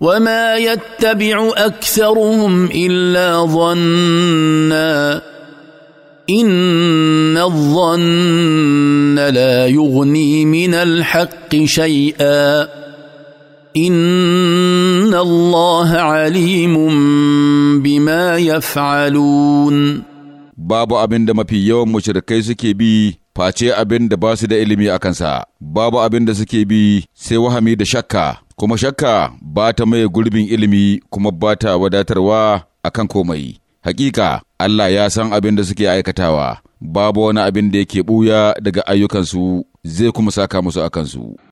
وما يتبع اكثرهم الا ظنا ان الظن لا يغني من الحق شيئا ان الله عليم بما يفعلون babu abin da mafi yawan mushrikai suke bi face abin da ba su da ilimi a kansa, babu abin da suke bi sai wahami da shakka, kuma shakka ba ta maye gurbin ilimi kuma ba ta wadatarwa a kan komai. Hakika, Allah ya san abin da suke aikatawa, babu wani abin da yake ɓuya daga ayyukansu zai kuma saka musu a kansu.